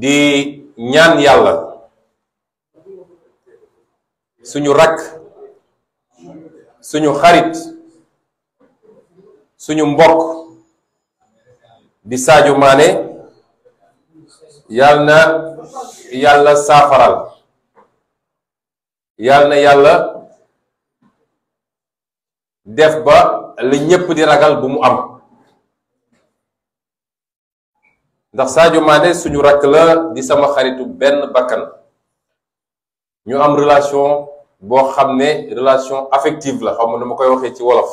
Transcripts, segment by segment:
di ñaan yàlla suñu rakk suñu xarit suñu mbokk di Sadio Mané yàlla na yàlla saafaral yàlla na yàlla def ba li ñépp di ragal bu mu am ndax Sadio Mané suñu rakk la di sama xaritu benn bakkan ñu am relation boo xam ne relation affective la xaw ma ma koy waxee ci wolof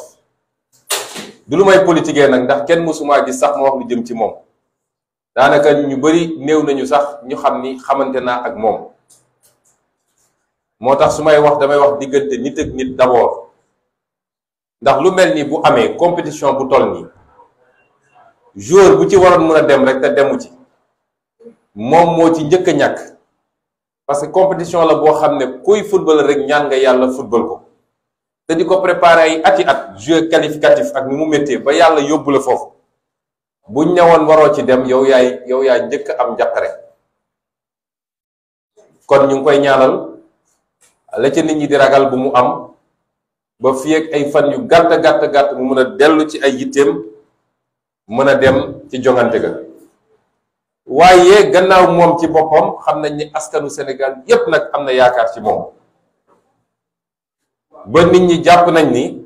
du lu may politiquer nag ndax kenn mësumaa gis sax ma wax lu jëm ci moom daanaka ñu bari néew nañu sax ñu xam ni xamante naa ak moom moo tax su may wax damay wax diggante nit ak nit d'abord ndax lu mel nii bu amee compétition bu toll nii joueur bu ci waroon mën a dem rek te demu ci moom moo ci njëkk a ñàkk parce que compétition la boo xam ne kuy football rek ñaan nga yàlla football ko te di ko préparer ay ati at jeu qualificatif ak ni mu méttee ba yàlla yóbbu la foofu bu ñawoon waroo ci dem yow yaay yow yaay njëkk am njàqare kon ñu ngi koy ñaanal la ca nit ñi di ragal bu mu am ba fii ay fan yu gàtt gàtt gàtt mu mën a dellu ci ay yitteem mën a dem ci jongante ga waaye gannaaw moom ci boppam xam nañ ni askanu Sénégal yépp nag am na yaakaar ci moom ba nit ñi jàpp nañ ni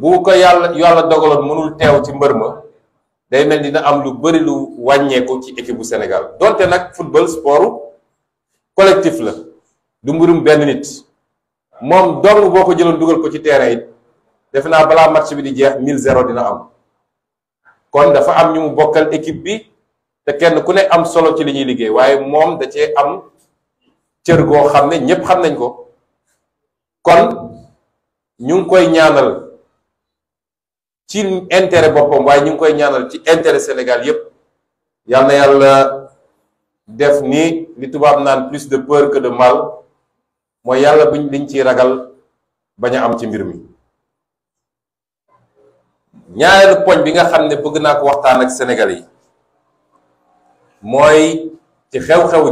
bu ko yàlla yàlla dogaloon mënul teew ci mbër ma day mel dina am lu bari lu wàññeeku ci équipe bu Sénégal donte nag football sport collectif la du mbirum benn nit moom dong boo ko jëloon dugal ko ci terrain it defe naa balaa match bi di jeex 1000 zéro dina am. kon dafa am ñu mu bokkal équipe bi te kenn ku ne am solo ci li ñuy liggéey waaye moom da cee am cër goo xam ne ñépp xam nañ ko kon ñu ngi koy ñaanal ci intérêt boppam waaye ñu ngi koy ñaanal ci intérêt Sénégal yépp yal na yàlla def ni li tubaab naan plus de peur que de mal mooy yàlla buñ liñ ci ragal bañ a am ci mbir mi ñaareelu poñ bi nga xam ne bëgg naa ko waxtaan ak Sénégal yi mooy ci xew-xewu